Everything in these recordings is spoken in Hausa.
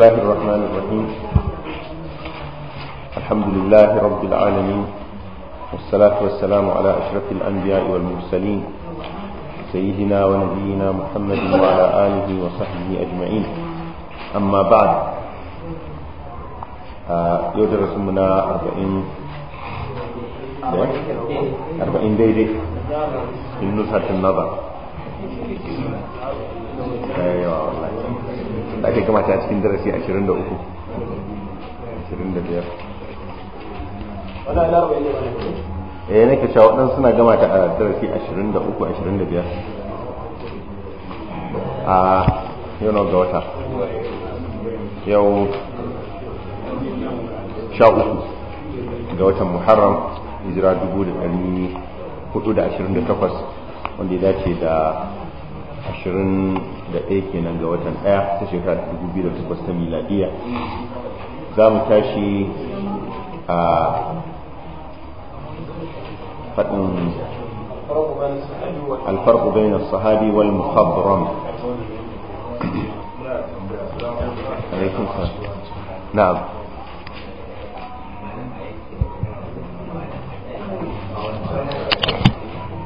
الله الرحمن الرحيم الحمد لله رب العالمين والصلاة والسلام على أشرف الأنبياء والمرسلين سيدنا ونبينا محمد وعلى آله وصحبه أجمعين أما بعد آه، يدرس منا أربعين أربعين ديري من نزهة النظر أيوة والله da aka kamata a cikin darasi 23 25 eh nake cewa waɗansu suna gama ta darasi 23 25 a yau na ga wata yau sha uku ga watan muharram hijira 428 wanda ya dace da ashirin. da ɗaya kenan ga watan ɗaya ta shekara ta dubu biyu da takwas ta miladiya za mu tashi a faɗin الفرق بين الصحابي والمخضرم عليكم السلام نعم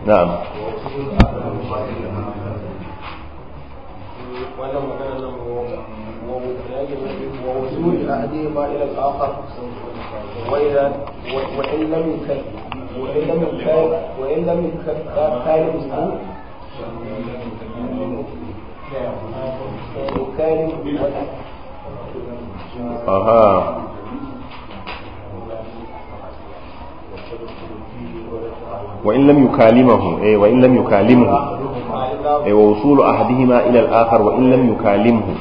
نعم وأنه مكان ووصول أحدهما إلى الآخر وإذا وإن لم يكلف وإن لم يكلف وإن لم يكلف كالمه يكالم أها وإن لم يكالمه إيه وإن لم يكالمه wa usulu ahadihima ila al-akhar wa in lam yukalimhu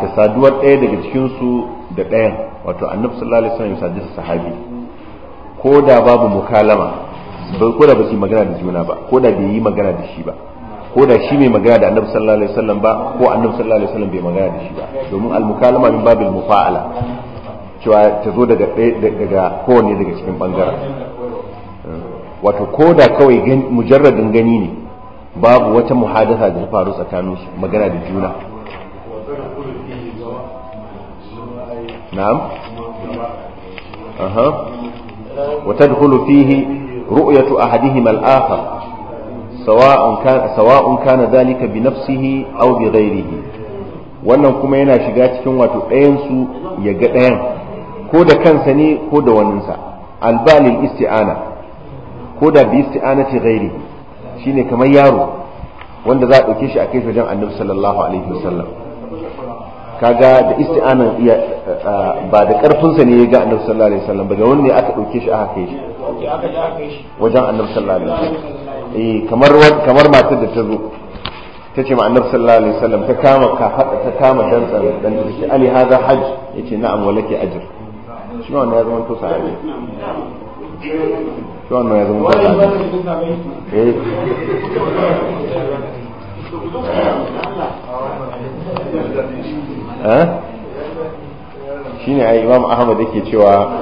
da saduwar ɗaya daga cikin su da ɗayan wato annabi sallallahu alaihi wasallam sadisa sahabi ko da babu mukalama ko da ba magana da juna ba ko da bai yi magana da shi ba ko da shi mai magana da annabi sallallahu alaihi wasallam ba ko annabi sallallahu alaihi wasallam bai magana da shi ba domin al-mukalama min babil mufa'ala cewa ta zo daga daga kowanne daga cikin bangaren wato ko da kawai mujarradin gani ne babu wata muhadasa da ta faru tsakanin su magana da juna na'am aha wa dukulu fihi ru'yatu ahadihim al-akhar sawa'un kana sawa'un kana dhalika bi nafsihi aw bi ghayrihi wannan kuma yana shiga cikin wato ɗayan su ya ga ɗayan ko da kansa ne ko da waninsa albalin isti'ana ko da bi isti'anati rairihi. shine kamar yaro wanda za a ɗauke shi a kai wajen annabi sallallahu alaihi wasallam kaga da isti'anan iya ba da karfinsa ne ya ga annabi sallallahu alaihi wasallam ba da wanne aka ɗauke shi aka kai shi wajen annabi sallallahu alaihi wasallam eh kamar kamar matar da ta zo ta ce ma annabi sallallahu alaihi wasallam ta kama kafaɗa ta kama dantsa dan ta ce ali hada hajj yace na'am walaki ajr shi ma wannan ya zama to sahabi shi wannan ya zama eh shine ai imam ahmad yake cewa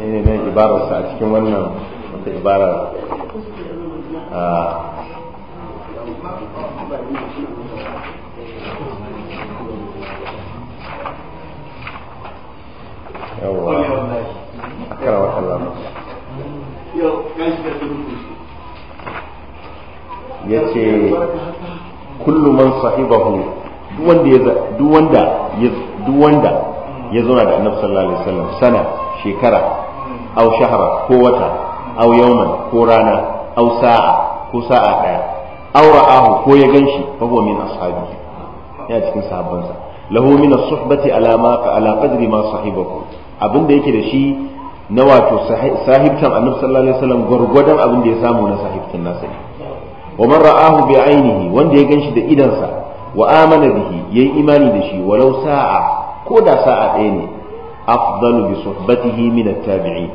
ne nan ibararsa a cikin wannan wata ibarar ah. yawwa akara ya ce kullum man sahibahu duk wanda ya zauna da annabi sallallahu alaihi wasallam sana shekara au shahara ko wata au yauman ko rana au sa'a ko sa'a daya au ra'ahu ko ya ganshi fa huwa min ashabi ya cikin sahabbansa lahu min as-suhbati ala ma ala qadri ma sahibahu abinda yake da shi na wato sahibtan annabi sallallahu alaihi wasallam gwargwadon abin da ya samu na sahibtan nasa ne wa man ra'ahu bi ainihi wanda ya ganshi da idansa wa amana bihi yayi imani da shi walau sa'a ko da sa'a ɗaya ne afdalu bi suhbatihi min at-tabi'i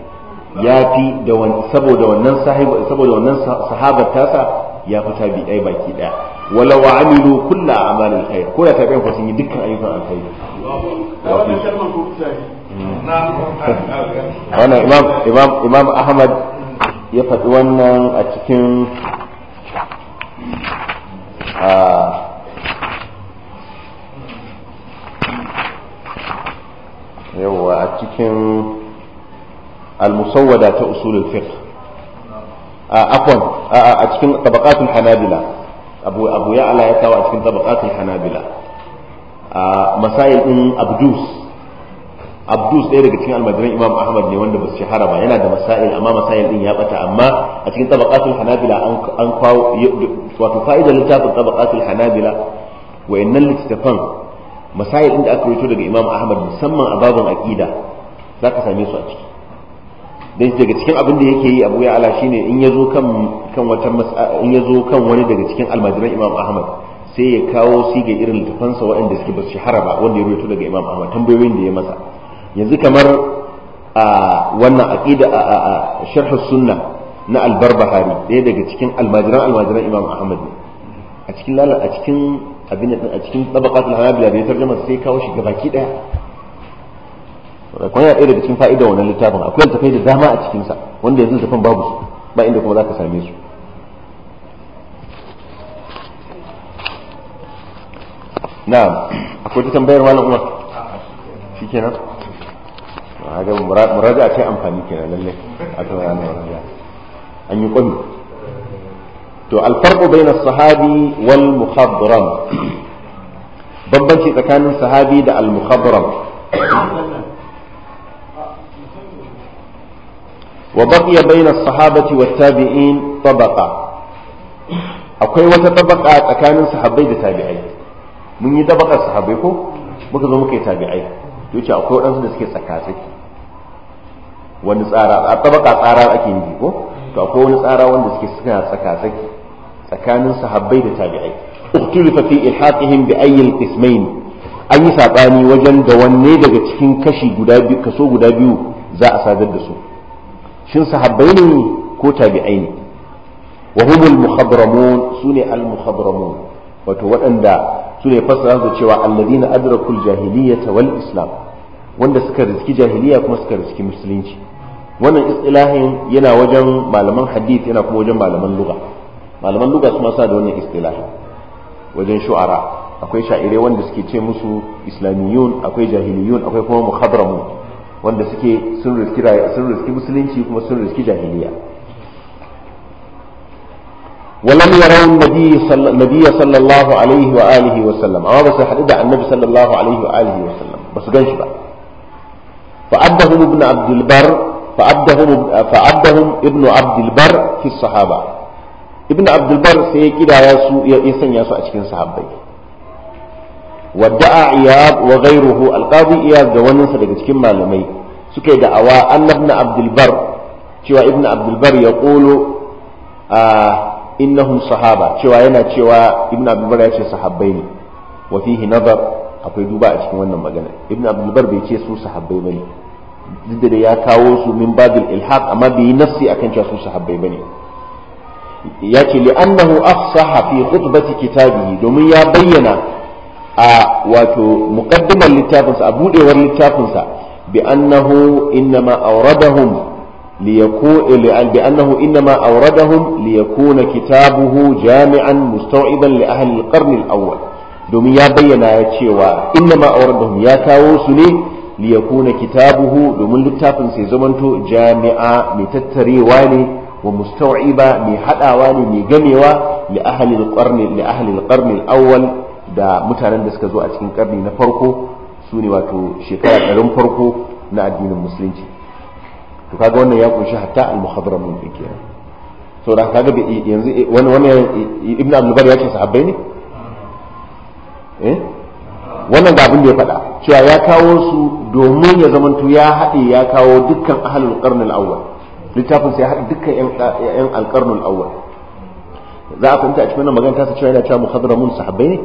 yafi da saboda wannan sahibi saboda wannan sahabar tasa ya fi baki ɗaya wala wa amilu kullu a'malil khair ko da tabi'an ko sun yi dukkan ayyukan alkhairi wannan imam imam imam ahmad ya faɗi wannan a cikin yawwa a cikin al da ta usulul fiqh akwai a cikin tabaqatul hanabila abu abu ala ya kawo a cikin tabaqatul hanabila masail din abdus abdus ɗaya daga cikin almajiran imam ahmad ne wanda ba su shahara ba yana da masail amma masail din ya bata amma a cikin tabaqatul hanabila an kawo wato fa'ida littafin tabaqatul hanabila wayannan littafan masail din da aka rubuto daga imam ahmad musamman a babin aqida zaka same su a ciki dan daga cikin abin da yake yi abu ya ala shine in yazo kan kan wata in yazo kan wani daga cikin almajiran imam ahmad sai ya kawo siga irin littafansa waɗanda suke ba su shahara ba wanda ya rubuto daga imam ahmad tambayoyin da ya masa yanzu kamar a wannan aqida a sharh sunna na al-barbahari daya daga cikin almajiran almajiran imam ahmad ne a cikin lala a cikin abin da a cikin tabaqat al-hanabila da ya tarjuma sai kawo shi gabaki daya kuma yana ɗaya daga cikin fa'ida wannan littafin akwai tafai da dama a cikin sa wanda yanzu zafin babu su ba inda kuma zaka same su na'am akwai tambayar malam umar shikenan haka muraja ta amfani kenan lalle a kan ranar muraja an yi kwami to alfarko bai na sahabi wal muhabbaram bambanci tsakanin sahabi da al muhabbaram wa baqiya bayna as-sahabati wat tabi'in tabaqa akwai wata tabaqa tsakanin sahabbai da tabi'ai mun yi tabaqar sahabbai ko muka zo muka yi tabi'ai to ce akwai waɗansu da suke tsakatsaki wani tsara a tabaka tsara ake yi ko to akwai wani tsara wanda suke suna tsaka-tsaki tsakanin sahabbai da tabi'ai uktulifa fi ihaqihim bi ayi alqismayn an yi sabani wajen da wanne daga cikin kashi guda biyu kaso guda biyu za a sadar da su shin sahabbai ne ko tabi'ai ne wa humul mukhadramun sune al mukhadramun wato waɗanda sune ne da cewa alladina adrakul jahiliyyata wal islam wanda suka riski jahiliya kuma suka riski musulunci wannan istilahin yana wajen malaman hadith yana kuma wajen malaman luga malaman luga su sa da wannan istilahin wajen shu'ara akwai sha'irai wanda suke ce musu islamiyun akwai jahiliyun akwai kuma muhadramun wanda suke sun riski sun riski musulunci kuma sun riski jahiliya ولم يروا النبي صلى النبي صلى الله عليه واله وسلم او بس حدد عن النبي صلى الله عليه واله وسلم بس جنش بقى فعدهم ابن عبد البر فعبدهم فعبدهم ابن عبد البر في الصحابة ابن عبد البر سيكيد ياسو يسن ياسو أشكين صحابي ودعا عياض وغيره القاضي عياض جوانن صدق أشكين معلمي سكي دعوا أن ابن عبد البر شوى ابن عبد البر يقول آه إنهم صحابة شوى هنا شوى ابن عبد البر يشي صحابين وفيه نظر أقول دوبا أشكين وانا مغانا ابن عبد البر بيشي سو صحابي بني duk da ya kawo su min babil ilhaq amma bai yi nafsi akan cewa su sahabbai bane ya ce li'annahu afsaha fi khutbati kitabihi domin ya bayyana a wato muqaddimar littafinsa a budewar littafinsa bi annahu innama awradahum ليكون بأنه إنما أوردهم ليكون كتابه جامعا مستوعبا لأهل ya bayyana دوم يا بينا يا ya kawo su ne. li yakuna kitabuhu domin littafin sai zamanto jami'a mai tattarewa ne wa mustawiba mai hadawa ne mai gamewa li ahli alqarni li ahli alqarni alawwal da mutanen da suka zo a cikin karni na farko su ne wato shekara ɗarin farko na addinin musulunci to kaga wannan ya kunshi hatta al-muhadramun kenan da kaga yanzu eh, wannan eh, ibnu abdul bar ya ce sahabbai ne eh wannan ga abin da ya faɗa cewa ya kawo su domin ya zamanto ya haɗe ya kawo dukkan ahalin qarnul awwal littafin sai ya haɗe dukkan yan alƙarnin awwal za a fahimta a cikin wannan magana ta cewa yana cewa muhadramun sahabbai ne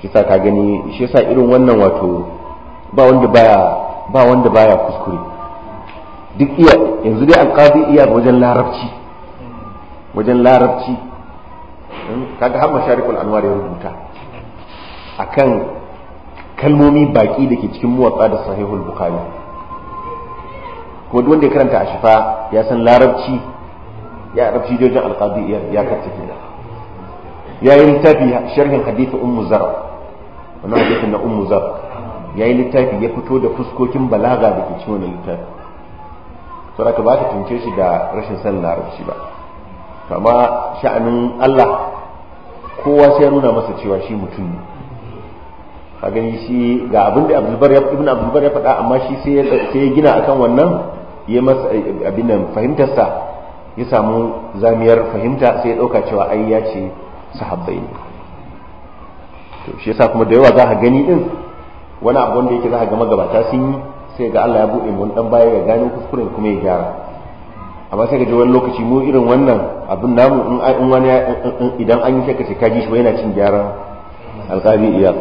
shi sa ka gani shi sa irin wannan wato ba wanda baya ba wanda baya kuskure duk iya yanzu dai alqadi iya wajen larabci wajen larabci hmm, kaga har masharikul anwar ya rubuta akan kalmomi baki da ke cikin muwatsa da sahihul bukhari kuma wanda ya karanta a shifa ya san larabci ya arabci jojin alqadi ya karta kenan ya yi littafi sharhin hadithu ummu zara wannan hadithin na ummu zara ya yi littafi ya fito da fuskokin balaga da ke cikin wannan littafi ka ba ta tunce shi da rashin san larabci ba kama sha'anin Allah kowa sai ya nuna masa cewa shi mutum ne ka gani shi ga abin da abdulbar ya ibn abdulbar ya faɗa amma shi sai ya gina akan wannan ya masa eh, abin da fahimtarsa ya samu zamiyar fahimta sai ya ɗauka cewa ai ya ce sahabbai ne to shi yasa kuma da yawa za ka gani din wani abu wanda yake za ka gama gabata sun yi sai ga Allah ya buɗe mu dan baya ya gano kuskuren kuma ya gyara amma sai ka ji wani lokaci mu irin wannan abin namu in wani idan an yi shakka sai ka ji shi yana cin gyaran alƙabi iya.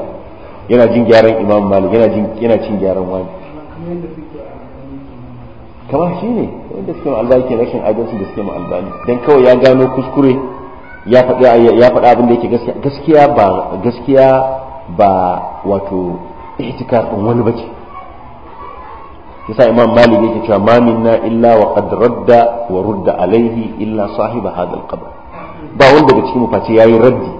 yana jin gyaran imam malik yana jin yana cin gyaran wani kamar shi ne wanda suke ma'albani ke rashin adalci da suke ma'albani don kawai ya gano kuskure ya faɗa abin da yake gaskiya ba gaskiya ba wato ihtikar ɗin wani bace yasa imam malik yake cewa ma minna illa wa qad radda wa rudda alaihi illa sahiba hadha alqabr ba wanda daga cikin mu face yayi raddi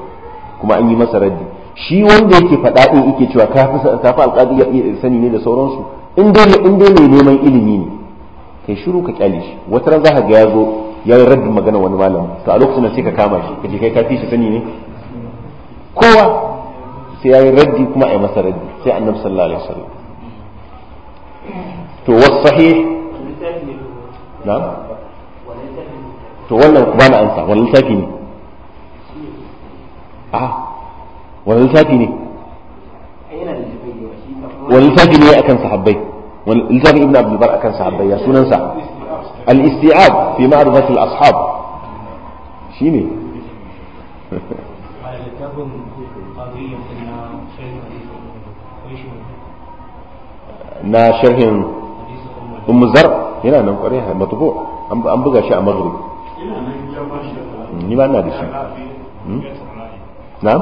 kuma an yi masa raddi shi wanda yake faɗa ɗin yake cewa kafi alƙadi ya iya sani ne da sauransu in dai mai neman ilimi ne kai shiru ka kyale shi wata ran za ka ga ya zo ya yi raddin magana wani malamin to a lokacin sai ka kama shi ka kai kai fi shi sani ne kowa sai ya yi raddi kuma a yi masa raddi sai annabi sallallahu alaihi wasallam to wasu sahih na to wannan ba na ansa wannan littafi ne a ah. wani lissafi ne wani lissafi ne akan sahabbai wani lissafi ibn abdul bar akan sahabbai ya sunansa al-isti'ab fi ma'rifat al-ashab shine na sharhin umm zar yana nan kware kwarai matbu an buga shi a maghrib ni ba na da shi hmm? na'am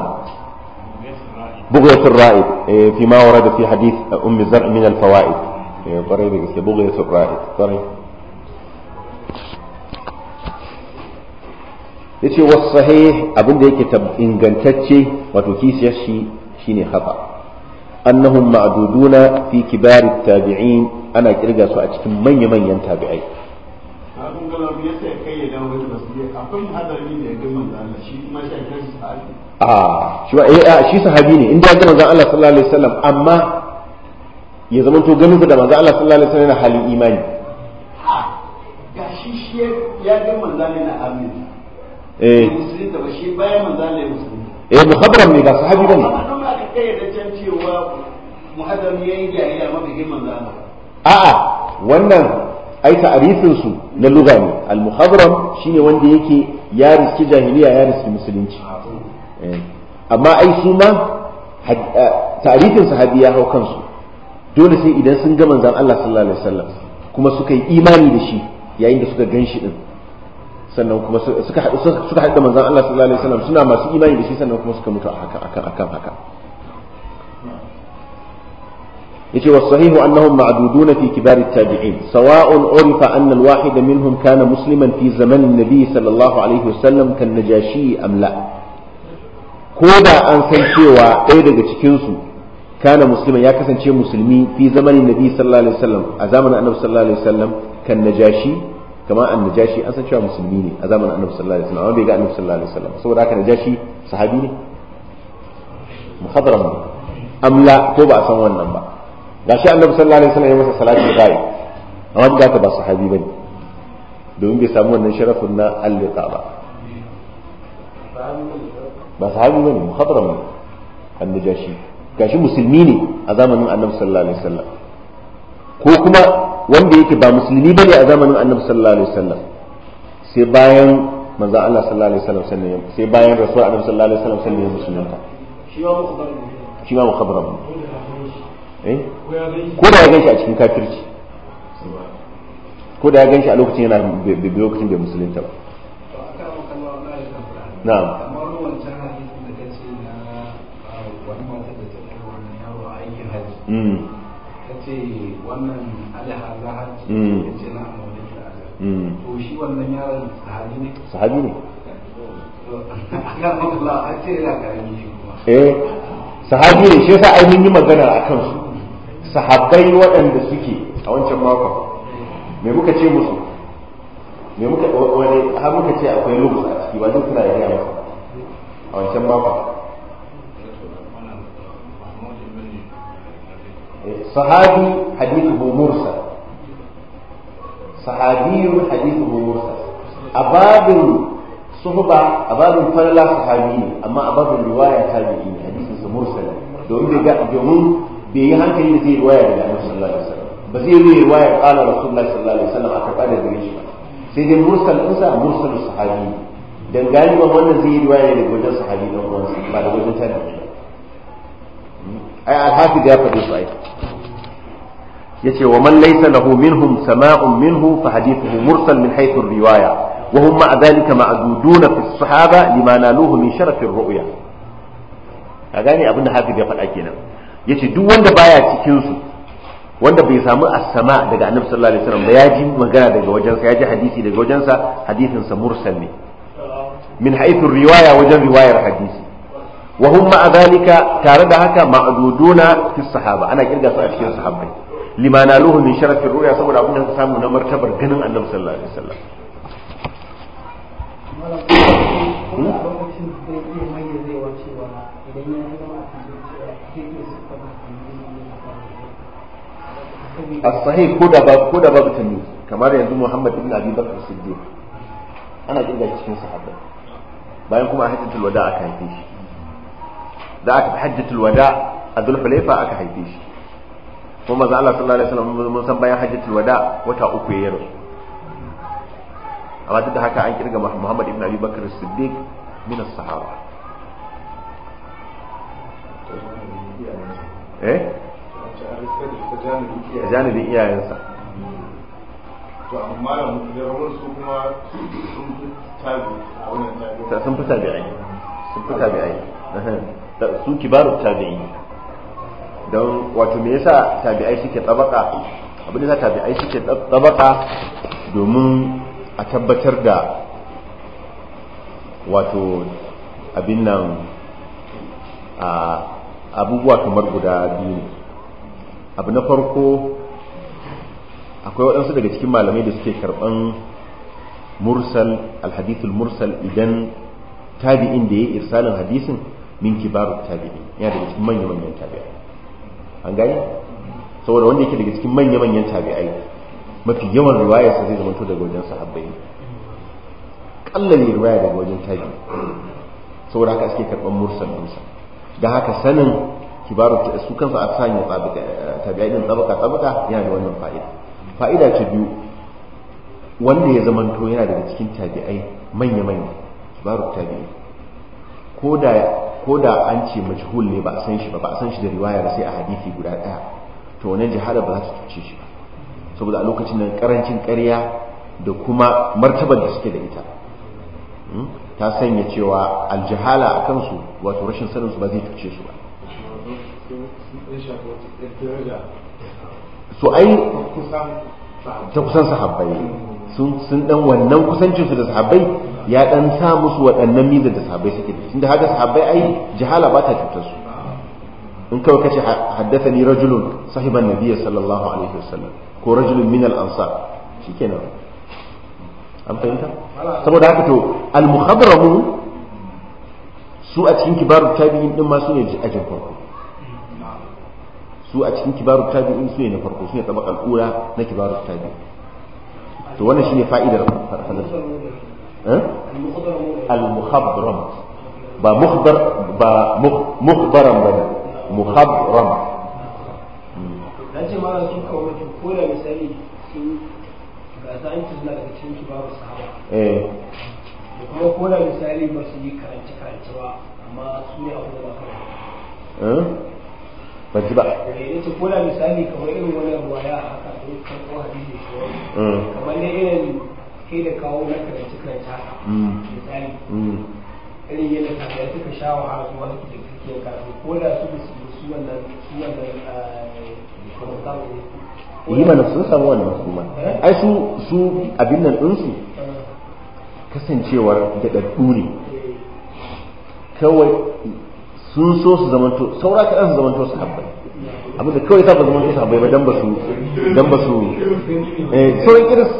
بغية الرائد إيه، فيما ورد في حديث أم الزرع من الفوائد بغية الرائد قريب يتي والصحيح أبن ديك كتب إن قنتتشي وتكيسي الشي شيني خطأ أنهم معدودون في كبار التابعين أنا أرجع سؤالك كم من يمن ينتابعي أقول لك يتأكيد أو يتبسيح أقول هذا الذي يجب Ah, a eh, ah, shi sahabi ne inda ga manzon Allah sallallahu alaihi wasallam amma ya zama to ganin da manzon Allah sallallahu alaihi wasallam yana halin imani ga shi shi ya ga manzon Allah na amin eh musulmi da shi bayan manzon Allah musulmi eh muhabbaran ne ga sahabi bane amma da kai da can cewa muhaddam yayin jahiliya mabihin manzon Allah a'a wannan ai ta'arifin su na lugha ne al-muhadram shine wanda yake ya riski jahiliya ya riski musulunci amma ai su ma tarihin sahabi ya hau kansu dole sai idan sun ga manzon Allah sallallahu alaihi wasallam kuma suka yi imani da shi yayin da suka gan shi din sannan kuma suka suka haɗu da manzon Allah sallallahu alaihi wasallam suna masu imani da shi sannan kuma suka mutu akan akan akan haka yace wa sahihu annahum ma'dudun fi kibar at-tabi'in sawa'un urifa anna al-wahid minhum kana musliman fi zaman an-nabi sallallahu alaihi wasallam kan najashi am la' ko da an san cewa ɗaya daga cikinsu kana musulman ya kasance musulmi fi zamanin nabi sallallahu alaihi wasallam a zamanin annabi sallallahu alaihi wasallam kan najashi kamar an najashi an san cewa musulmi ne a zamanin annabi sallallahu alaihi wasallam amma bai ga annabi sallallahu alaihi wasallam saboda haka najashi sahabi ne muhadaram amla ko ba a san wannan ba gashi annabi sallallahu alaihi wasallam ya masa salatu bai amma ba ba sahabi bane domin bai samu wannan sharafin na allika ba ba sahabi bane mukhadram ne annajashi gashi musulmi ne a zamanin annabi sallallahu alaihi wasallam ko kuma wanda yake ba musulmi bane a zamanin annabi sallallahu alaihi wasallam sai bayan manzo Allah sallallahu alaihi wasallam sai bayan rasul annabi sallallahu alaihi wasallam sannan ya musulunta shi ma mukhadram shi ma eh ko da ya ganshi eh? a cikin kafirci ko da ya ganshi a lokacin yana lokacin bai musulunta ba na'am Mm. ta mm. mm. sahabi ne sahabi eh, shi yasa ai mun yi magana su sahabbai waɗanda suke a wancan makon me muka ce musu me muka wani har muka ce akwai lugus a ciki ba duk suna yi a wancan makon sahabi hadithu mursal sahabiyun hadithu mursal a babin suhuba a babin sahabi ne amma a babin riwaya ta ne ne hadisin domin bai ga bai yi hankali da zai riwaya da Annabi sallallahu alaihi wasallam ba zai yi riwaya qala sallallahu alaihi wasallam aka sai dai mursal din sa mursal sahabi dan galiban wannan zai yi riwaya daga wajen sahabi dan uwansa ai alhafiz ya faɗi su ai yace wa man laysa lahu minhum sama'un minhu fa hadithuhu mursal min haythu riwaya wa hum ma'a dhalika ma'duduna fi sahaba lima naluhu min sharafi ru'ya ka gane abin da hafiz ya faɗa kenan yace duk wanda baya cikin su wanda bai samu as-sama daga annabi sallallahu alaihi wasallam ba ya ji magana daga wajensa ya ji hadisi daga wajensa hadisin sa mursal ne min haythu riwaya wajen riwayar hadisi wa hum ma'a zalika tare da haka ma'duduna fi sahaba ana kirga su a cikin sahabbai lima naluhu min sharafi ruya saboda abin da suka samu na martabar ganin annabi sallallahu alaihi wasallam الصحيح كودا باب كودا باب تمييز كما يقول محمد بن ابي بكر الصديق ana kirga cikin sahabbai bayan kuma a hajjatul wada aka haife shi da aka hajjatul wada a zulhulaifa aka haife shi kuma maza Allah sallallahu alaihi wasallam mun san bayan hajjatul wada wata uku ya rasu amma duk da haka an kirga Muhammad ibn Abi bakar Siddiq min sahara eh a janibin iyayensa to amma da ruwan su kuma sun fi tabi'ai sun fi tabi'i su kibarut tabi'i don wato me yasa tabi'ai suke tsabaka abin da tabi'ai suke tsabaka domin a tabbatar da wato abin nan abubuwa kamar guda biyu ne abu na farko akwai waɗansu daga cikin malamai da suke karɓan mursal alhadithul mursal idan tabi'in da ya irsalin hadisin min kibarut tabi'in yana daga cikin manyan manyan tabi'ai an gani saboda wanda yake daga cikin manyan manyan tabi'ai mafi yawan riwaya sa zai zamanto daga wajen sahabbai ne ne riwaya daga wajen tabi'i saboda haka suke karban mursal dinsa da haka sanin kibarut su kansu a sanya tabi'ai din tabaka tabaka yana da wannan fa'ida fa'ida ta biyu wanda ya zamanto yana daga cikin tabi'ai manya-manya kibarut tabi'i ko da ko da an ce majhul ne ba a san shi ba ba a san shi da riwaya ba sai a hadisi guda daya to wannan jahala ba za ta cuce shi ba saboda a lokacin nan karancin ƙarya da kuma martabar da suke da ita hmm, ta sanya cewa aljihala a kansu wato rashin sanin su ba zai cuce su ba so ai ta kusan sahabbai sun dan wannan kusancinsu da sahabbai ya ɗan sa musu waɗannan miza da sahabbai suke da inda haka sahabbai ai jahala ba ta cutar su in kawai kace ni rajulun sahiban nabiyyi sallallahu alaihi wasallam ko rajulun min al-ansar shikenan an fahimta saboda haka to al-mukhadramu su a cikin kibaru tabi'in din ma su ne ajin farko su a cikin kibaru tabi'in su ne na farko su ne tabakal ura na kibaru tabi'in to wannan shine fa'idar falsafa Eh? al-muhabram ba muhbar ba muhbaran ba ne muhabram hmm. na ce ma su kawo ko da misali sun ga sa'in su suna daga cikin babu sahaba eh kuma ko da misali ba su yi karance karance ba amma su ne abu da ba karance eh? ba ji ba yace ko da misali kamar irin wani ruwaya haka ko hadisi hmm. kamar ne irin kai da kawo na su suke eh, ko yi mana sun samu wannan kuma eh? ai su su abin nan ɗinsu eh. kasancewar ɗaɗɗu ne kawai sun so su zamanto saura kaɗan su zamanto su habbai abinda kawai ta ba kisa bai ba dan ba su dan ba su eh sauran kiris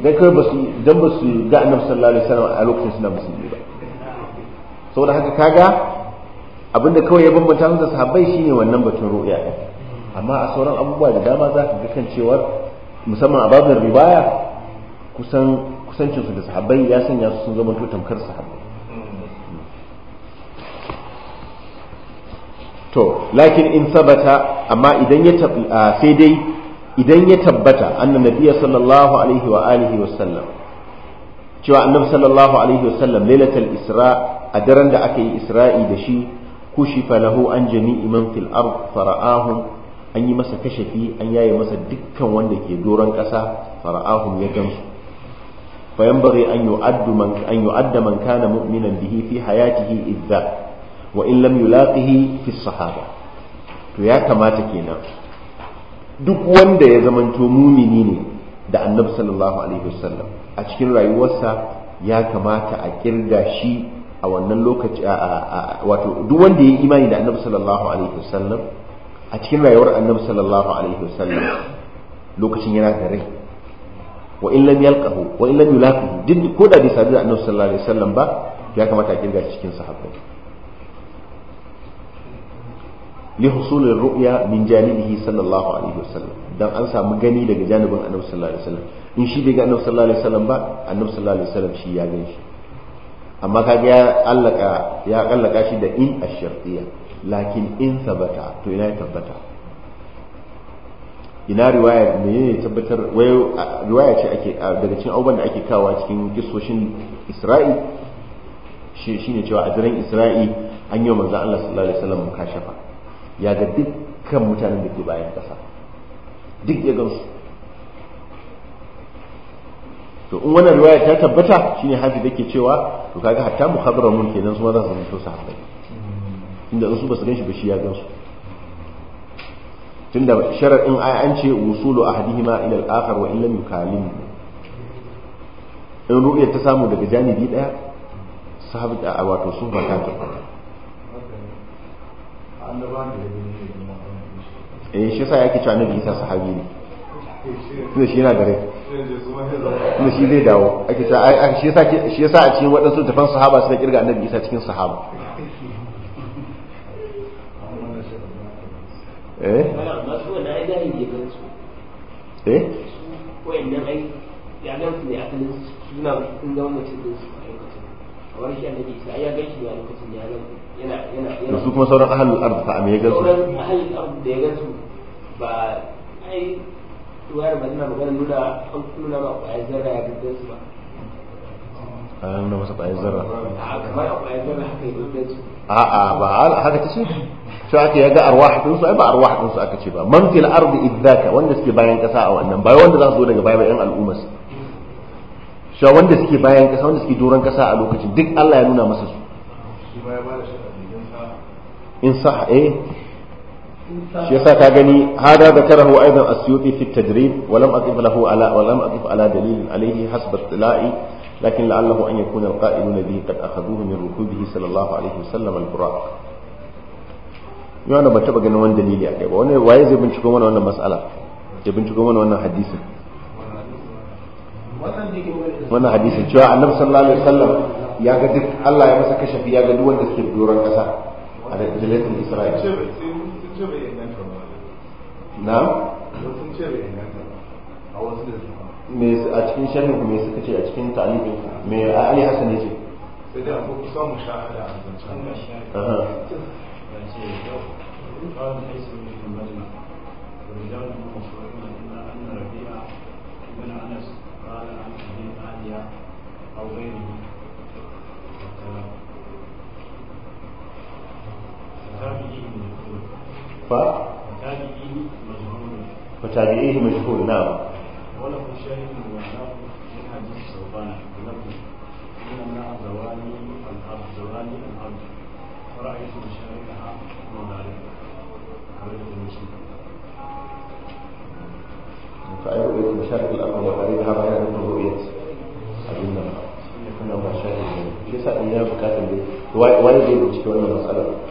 dan kawai ba su dan ba su ga annabi sallallahu alaihi wasallam a lokacin suna musulmi ba saboda haka kaga abinda kawai ya bambanta su da sahabbai shine wannan batun ru'ya din amma a sauran abubuwa da dama za ka ga kan cewar musamman a babin ribaya kusan kusancin su da sahabbai ya sanya su sun zama to tamkar sahabbai to lakin in sabata amma idan ya sai dai idan ya tabbata annan nabiya sallallahu alaihi wa alihi wa sallam cewa annabi sallallahu alaihi wa sallam lailatul isra a daren da aka yi isra'i da shi kushi falahu an jami'i man fil ard fara'ahum an yi masa kashafi an yaye masa dukkan wanda ke doron kasa fara'ahum ya gamsu fayanbaghi an yu'addu man an yu'adda man kana mu'minan bihi fi hayatihi idza wa in lam yulaqihi fi sahaba to ya kamata kenan duk wanda ya zamanto mumini ne da annabi sallallahu alaihi wasallam a cikin rayuwarsa ya kamata a kirga shi a wannan lokaci wato duk wanda ya yi imani da annabi sallallahu alaihi wasallam a cikin rayuwar annabi sallallahu alaihi wasallam lokacin yana da rai wa in lam yalqahu wa in lam yulaqihi duk ko da bai sadu da annabi sallallahu alaihi wasallam ba ya kamata a kirga cikin sahabbai li husulin ru'ya min janibihi sallallahu alaihi wasallam dan an samu gani daga janibin annabi sallallahu alaihi wasallam in shi bai ga annabi sallallahu alaihi wasallam ba annabi sallallahu alaihi wasallam shi ya gani shi amma kaga ya allaka ya allaka shi da in ash-shartiyya lakin in sabata to ina ya tabbata ina riwaya menene tabbatar wai riwaya ce ake daga cikin abubuwan da ake kawo cikin kisoshin Isra'i shi shine cewa a daren Isra'i an yi manzo Allah sallallahu alaihi wasallam mukashafa ya ga dukkan mutanen da ke bayan ƙasa duk ya gansu to in wannan riwaya ta tabbata shine hafi da ke cewa to kaga hatta mun kenan su ma za su zama su haɗe inda in su ba su gan shi ba shi ya gansu tunda in ai an ce wusulu ahadihima ila al-akhar wa in lam yukalim in ru'ya ta samu daga janibi daya sahabi wato sun ba ta tabbata eh shi sa yake cewa nabi isa sahabi ne tunda shi yana dare tunda shi zai dawo ake shi yasa a cikin waɗansu tafan sahaba suka kirga annabi isa cikin sahaba eh ya ne a lokacin da su kuma sauran ahalul ard fa me ya gansu sauran ahalul ard da ya gansu ba ai tuwar ba ina magana nuna an nuna ma kwayar zarra ya gansu ba an nuna masa kwayar zarra kamar a kwayar zarra haka ya gansu a'a ba haka ta ce to aka yaga arwah din su ai ba arwah din su aka ce ba man fil ard idzaka wanda suke bayan kasa a wannan bai wanda za su zo daga baya yan al'umma su shi wanda suke bayan kasa wanda suke doron kasa a lokacin duk Allah ya nuna masa su in saha eh shi yasa ka gani hada zakarahu aidan as-suyuti fi at-tadrib wa lam aqif lahu ala wa lam aqif ala dalil alayhi hasb istila'i lakin la'allahu an yakuna al-qa'iluna bihi qad akhadhuhu min rukubihi sallallahu alayhi wa sallam al-buraq yana ba taba ganin wani dalili a kai ba wani waye zai binciko mana wannan mas'ala ya binciko mana wannan hadisin wannan hadisin cewa annabi sallallahu alaihi wasallam ya ga duk Allah ya masa kashafi ya ga duk wanda suke doron kasa a da jalatin Isra'il na a cikin sharhin ku me suka ce a cikin ta'alibin ku me Ali Hassan yace sai da ku kusa mushahada a zancen aha ce yau أو غيره ف وتابعيه مجهول نعم وله شاهد وله من حديث ثوبان بلفظ انما زواني الارض زواني الارض فرايت مشاركها مضاربها قريت المسلم فأي رؤية مشارك الأرض وغريبها بين من رؤية أبي النهار. يكون أول شاهد. ليس أن يبقى كاتب لي. وايد يبقى تشتغل من المسألة.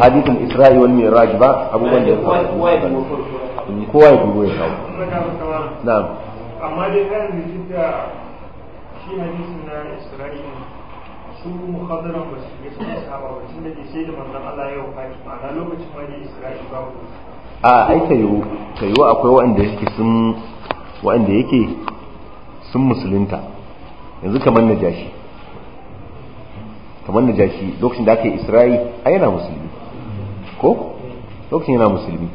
hadisin isra'i wal miraj ba abubuwan da ya faru kowa ya dubo ya kawo na'am amma dai kan da da shi hadisin na isra'i su muhadaran ba su yi saba ba da ke sai da manzon Allah ya wafati na lokacin ma da isra'i ba ku a ai kayo kayo akwai waɗanda yake sun waɗanda yake sun musulunta yanzu kamar najashi kamar na jashi lokacin da aka yi isra'i a yana musulmi ko lokacin yana musulmi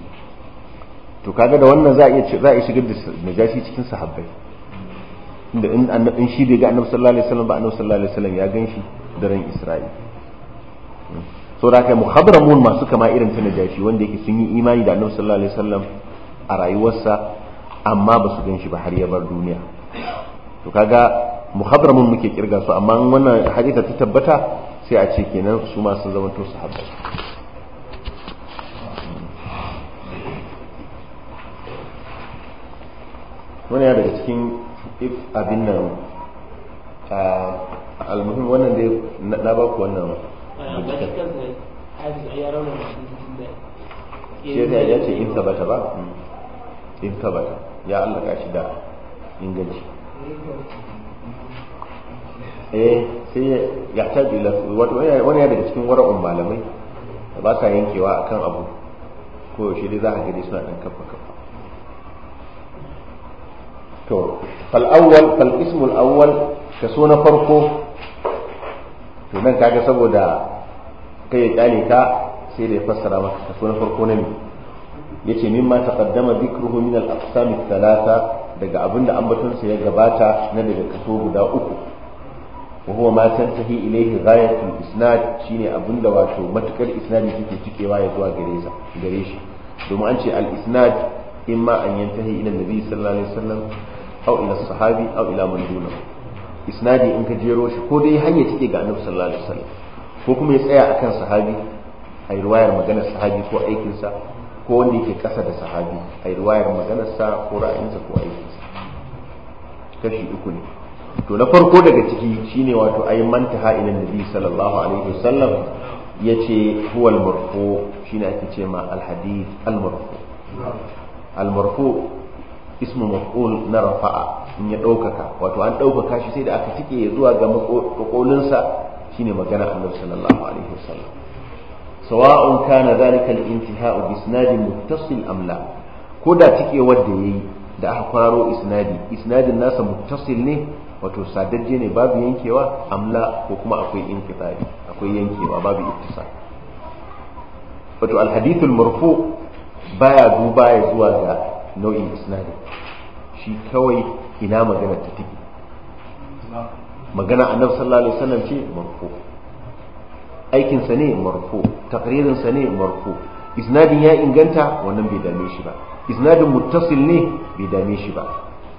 to kaga da wannan za a iya shigar da najashi cikin sahabbai inda in shi da ga annabi sallallahu alaihi wasallam ba annabi sallallahu alaihi wasallam ya ganshi da ran isra'i so da kai mun masu kama irin ta najashi wanda yake sun yi imani da annabi sallallahu alaihi wasallam a rayuwarsa amma ba su ganshi ba har ya bar duniya to kaga muhadramun muke kirga su amma wannan hadita ta tabbata sai a ce kenan su ma sun zama to sahabbai wani ya daga cikin if abin nan a almuhim wannan dai na da ku wannan shi da ya ce in tabbata ba in ya allaka shi da inganci eh sai ya taji wato wani ya daga cikin wara'un malamai ba sa yankewa akan abu ko yaushe dai za a gani suna dan kafa kafa to fal awwal fal awwal kaso na farko to nan kaga saboda kai ya kyale ka sai da ya fassara maka kaso na farko na me yace mimma taqaddama dhikruhu min al-aqsam ath-thalatha daga abinda ambaton sa ya gabata na daga kaso guda uku wa huwa ma tantahi ilayhi ghayatu isnad shine abinda wato matakar isnadi take cikewa ya zuwa gare sa gare shi domin an ce al isnad imma an yantahi ila nabi sallallahu alaihi wasallam aw ila sahabi aw ila manduna isnadi in ka jero shi ko dai hanya take ga annabi sallallahu alaihi wasallam ko kuma ya tsaya akan sahabi ai riwayar magana sahabi ko aikinsa ko wanda ke kasa da sahabi ai riwayar magana sa ko ra'ayinsa ko aikin kashi uku ne to na farko daga ciki shine wato ayi mantaha ila nabi sallallahu alaihi wasallam yace huwa al-marfu shine ake ce ma al-hadith al-marfu al-marfu ismu maf'ul na rafa'a in ya ɗaukaka wato an daukaka shi sai da aka tike zuwa ga sa shine magana annabi sallallahu alaihi wasallam sawa'un kana zalika al-intiha'u bi isnadin muttasil am la ko da tike wanda yayi da aka kwaro isnadi isnadin nasa muttasil ne wato sadajje ne babu yankewa amla ko kuma akwai inkitari akwai yankewa babu ittisa wato alhadithul marfu baya duba ya zuwa ga nau'in isnadi shi kawai ina magana ta take magana annabi sallallahu alaihi wasallam ce marfu aikin sa ne marfu taqririn sa ne marfu isnadin ya inganta wannan bai dame shi ba isnadin muttasil ne bai dame shi ba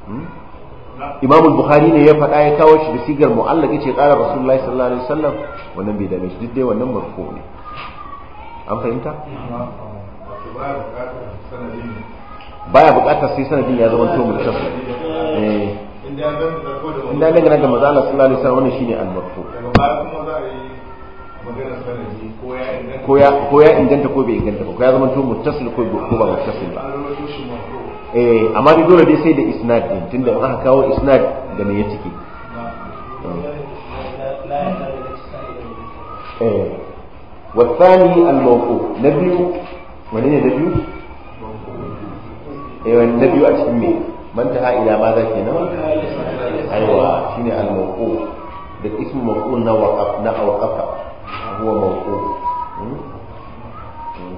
hmm? imam bukhari ne ya faɗa ya kawo shi da sigar mu'allaq yace qala rasulullahi sallallahu alaihi wasallam wannan bai dame shi dai wannan marfu ne an fahimta baya buƙatar sai sanadin ya zama to muttasil eh inda ya dangana da maza Allah sallallahu alaihi wasallam shine al-marfu ko ya inganta ko bai inganta ba ko ya zama to mutasil ko ba mutasil ba Eh, amma dai dole dai sai da isnad din tunda in aka kawo isnad da me ya ciki wa thani al mawqu nabiyu wani ne nabiyu eh wani nabiyu eh, a cikin me man ta ila ma za kenan aiwa shine al mawqu da ismu mawqu na waqaf na awqafa huwa mawqu hmm? Hmm.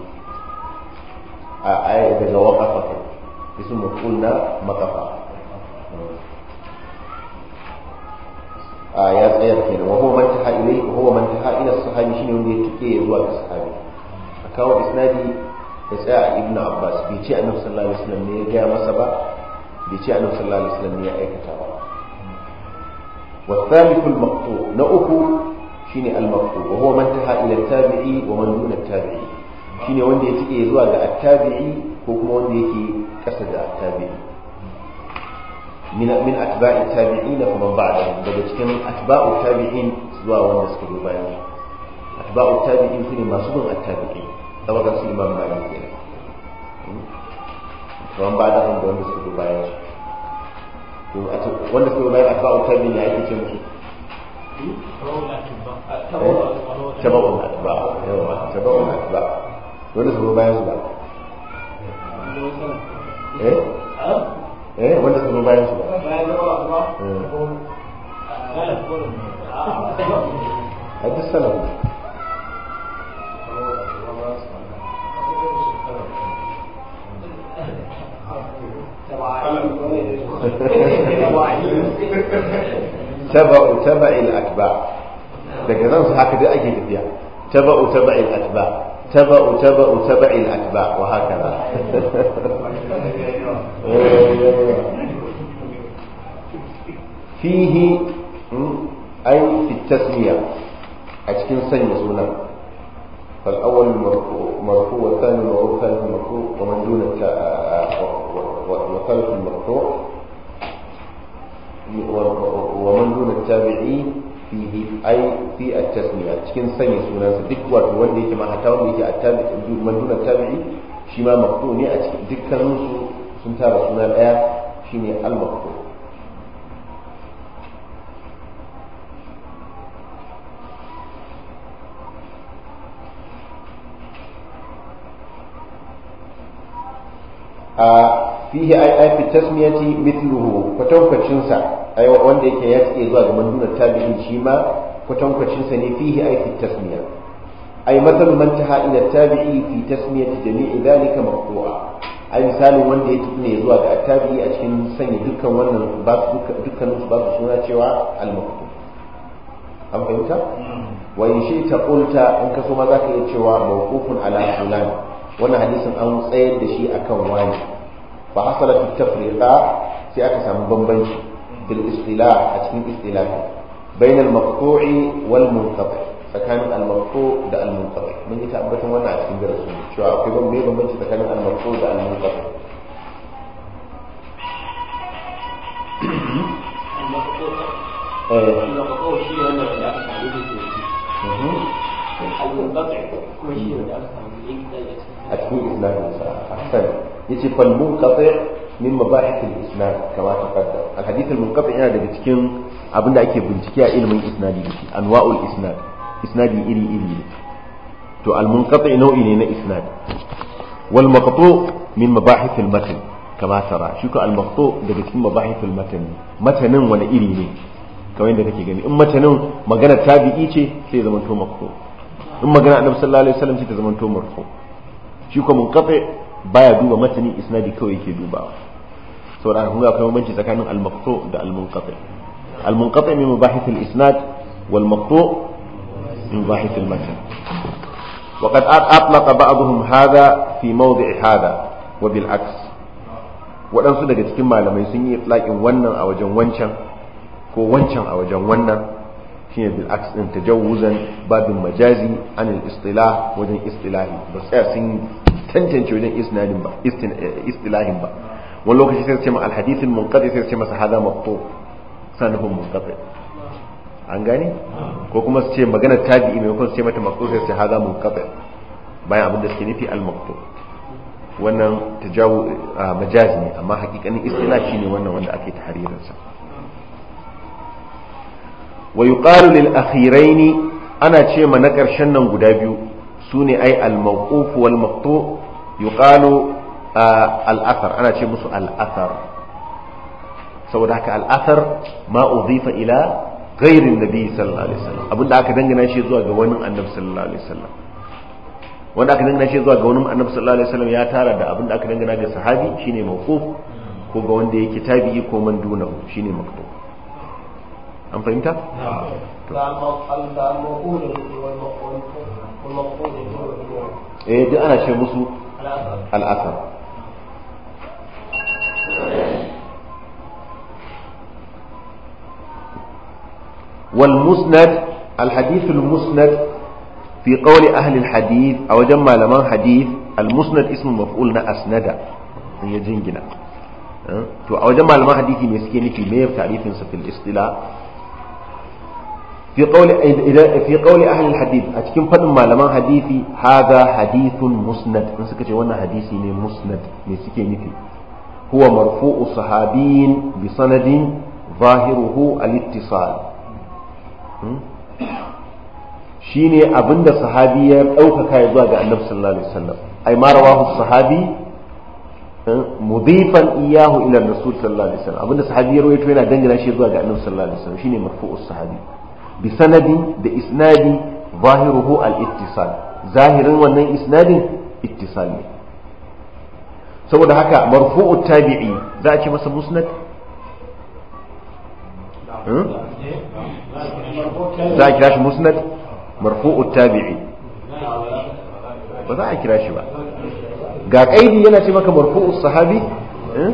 a ai daga waqafa اسم مفعول نا مقفى آه يا تسير كده وهو من تحى إليه وهو من تحى إلى الصحابي شنو اللي تكي يزوى الصحابي أكاو إسنادي يسعى ابن عباس بيتي أنه صلى الله عليه وسلم ne ya gaya masa ba bai ce annabi sallallahu alaihi wasallam ne ya aikata ba والثالث المقطوع نأكو شيني المقطوع وهو من انتهى إلى التابعي ومن دون التابعي شيني وندي يتكي يزوى التابعي ko kuma wanda yake kasa da tabi'i min min atba'i tabi'in fa man ba'da daga cikin atba'u tabi'in zuwa wanda suka bayan atba'u tabi'in sune masu bin atabi'i tabiin tabakan su imam malik kenan kuma hmm? ba'da da wanda suka zo bayan to wanda suka bayan atba'u tabi'in ya ake ce musu hmm? eh? tabawul atba tabawul atba yawa tabawul wanda suka bi bayan su ba eh eh wanda ka zo bayan shi ba a duk salaf ne تبع تبع الأتباع لكن هذا هكذا أجل تبع تبع الأتباع تبع تبع تبع الأتباع وهكذا فيه أي في التسمية أتكن سن سنة فالأول مرفوع والثاني مرفوع والثالث مرفوع ومن دون والثالث مرفوع ومن دون التابعين fihi ai fi at cikin sanya sunansa duk wato wanda yake ma hatta wanda yake at-tabi'i man duna tabi'i shi ne a su sun tara suna ɗaya shine al fihi ai ai fi tasmiyati mithluhu kwatankwacin sa ai wanda yake ya tsaye zuwa ga manduna tabi'in shi ma kwatankwacin sa ne fihi ai fi tasmiya ai mathalu man taha ila tabi'i fi tasmiyati jami'i dhalika maqtu'a ai misalin wanda ya tafi zuwa ga tabi'i a cikin sanya dukkan wannan ba dukkanin su ba su suna cewa al-maqtu an fahimta hmm. wa in shi ta qulta in so ma zaka iya cewa mawqufun ala fulan wannan hadisin an tsayar da shi akan wani fa hasalat tafriqa sai aka samu bambanci bil istilah a cikin istilah bain al maqtu'i wal munqati tsakanin al maqtu da al munqati mun yi tabbatar wannan a cikin darasi cewa akwai bambanci bambanci tsakanin al maqtu da al munqati المقطوع shi wanda aka faru أول بقع أتكون إسناد أحسن يتي فالمنقطع من مباحث الإسناد كما تقدم الحديث المنقطع yana ده بتكين abin da ake bincike a ilimin isnadi da shi anwa'ul isnad isnadi iri iri ne to al-munqati nau'i ne na isnad wal maqtu min mabahith al-matn kama tara shi ko al-maqtu daga cikin mabahith al matanin wani iri ne kamar yadda kake gani in matanin magana tabi'i ce sai zama to maqtu in magana annabi sallallahu alaihi wasallam ta zama to marfu shi ko munqati baya duba matani isnadi kawai yake duba saboda kun ga akwai bambanci tsakanin al-maqtu da al-munqati al-munqati min mubahith al-isnad wal maqtu min mubahith al-matan وقد أطلق بعضهم هذا في موضع هذا aks waɗansu daga cikin malamai sun yi itlaƙin wannan a wajen wancan ko wancan a wajen wannan shine bil aks din tajawuzan babin majazi anil istilah wajen istilahi ba sai sun tantance wajen isnadin ba istilahin ba wani lokaci sai ce ma al hadith al munqati sai ce masa hada maqtu sanahu munqati an gane ko kuma su ce magana tabi'i mai kuma su ce mata maqtu sai ce hada munqati bayan abin da suke nufi al maqtu wannan tajawu ah, majazi ne amma hakikanin istilah ne wannan wanda ake tahririn sa wa yuqalu lil ne ana ce ma na karshen nan guda biyu sune ai al mawquf wal maqtu ana ce musu al athar saboda haka al ma udhifa ila ghairin nabi sallallahu alaihi wasallam abinda aka dangana shi zuwa ga annabi sallallahu alaihi wanda aka dangana shi zuwa ga wani annabi sallallahu alaihi wasallam ya tara da da aka dangana ga sahabi shine mawquf ko ga wanda yake tabi'i ko man shine maqtu أم an fahimta? إيه duk أنا ce الأثر الأثر والمسند الحديث المسند في قول أهل الحديث أو جمع لما حديث المسند اسم مفعولنا أسند هي جنجنا أه؟ تو أو جمع لما حديث مسكين في مير تعريف في الاصطلاح fi qawli idan hadith a cikin fadin malaman hadisi hadha hadithun musnad in suka ce wannan hadisi ne musnad me suke nufi huwa marfu'u sahabiyin bi sanadin zahiruhu al-ittisal shine abinda sahabi ya ga annabi sallallahu alaihi wasallam ai ma rawahu sahabi mudifan iyahu ila rasul sallallahu alaihi abinda sahabi ya rawaito yana dangana shi zuwa ga annabi sallallahu alaihi wasallam shine marfu'u sahabi Bisanadi da isnadi zahiruhu al-ittisal zahirin wannan isnadin ittisal ne saboda haka marfu'u tabi'i za a ce masa musnad hmm? za a kira shi musnad marfu'u tabi'i ba za a kira shi ba ga kaidi yana ce maka marfu'u sahabi hmm?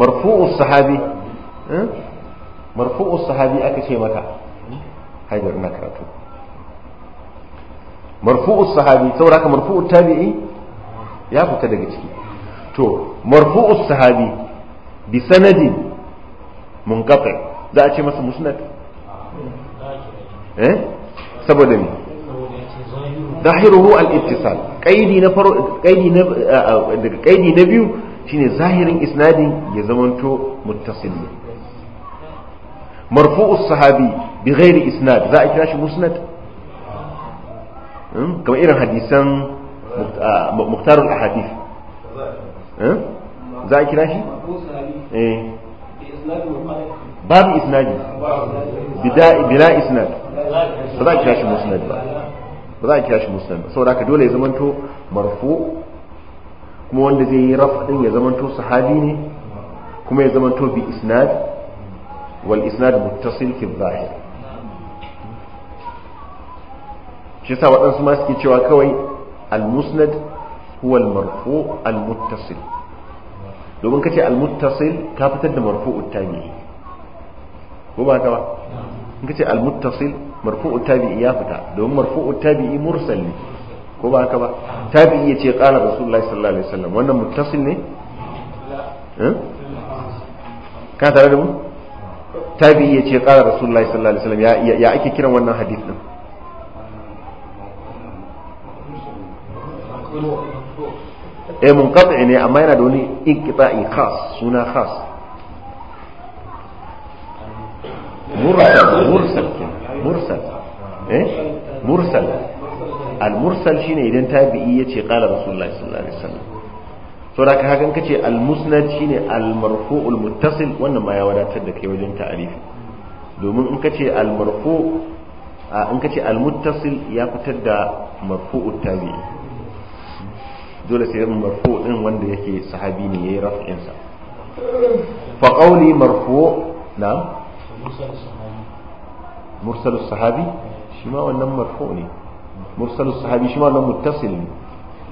marfu'u sahabi hmm? marfu'u sahabi aka ce maka haidar ina karatu marfu'u sahabi saboda ka marfu'u tabi'i ya fita daga ciki to marfu'u sahabi bi sanadin munqati za a ce masa musnad eh saboda me zahiruhu al-ittisal qaidi na faro qaidi na daga qaidi na biyu shine zahirin isnadin ya zamanto muttasil marfu'u sahabi bi ghairi isnad za a kira shi musnad kamar irin hadisan muktarul ahadith za a kira shi babu isnadi bila isnad ba za a kira shi musnad ba ba za a shi musnad ba dole ya zamanto marfu kuma wanda zai yi raf ya zamanto sahabi ne kuma ya zamanto bi isnad wal isnad muttasil fi zahir shi yasa waɗansu ma suke cewa kawai al-musnad huwa al-marfu al-muttasil domin kace al-muttasil ta fitar da marfu'ut tabi'i ko ba ka ba in kace al-muttasil marfu'ut tabi'i ya fita domin marfu'ut tabi'i mursal ne ko ba ka ba tabi'i yace qala rasulullahi sallallahu alaihi wasallam wannan muttasil ne eh? ka tare da mu tabi'i yace qala rasulullahi sallallahu alaihi wasallam ya ake kiran wannan hadith din eh munqati ne amma yana da wani inqita'i khas suna khas mursal mursal mursal eh mursal al mursal shine idan tabi'i ce qala rasulullahi sallallahu alaihi wasallam to da ka hakan kace al musnad shine al marfu'ul muttasil wannan ma ya wadatar da kai wajen ta'arifi domin in kace al marfu in kace al muttasil ya fitar da marfu'ut tabi'i dole sai marfu din wanda yake sahabi ne yayi raf'in sa fa qawli marfu na mursal sahabi shi ma wannan marfu ne mursal sahabi shi ma wannan muttasil ne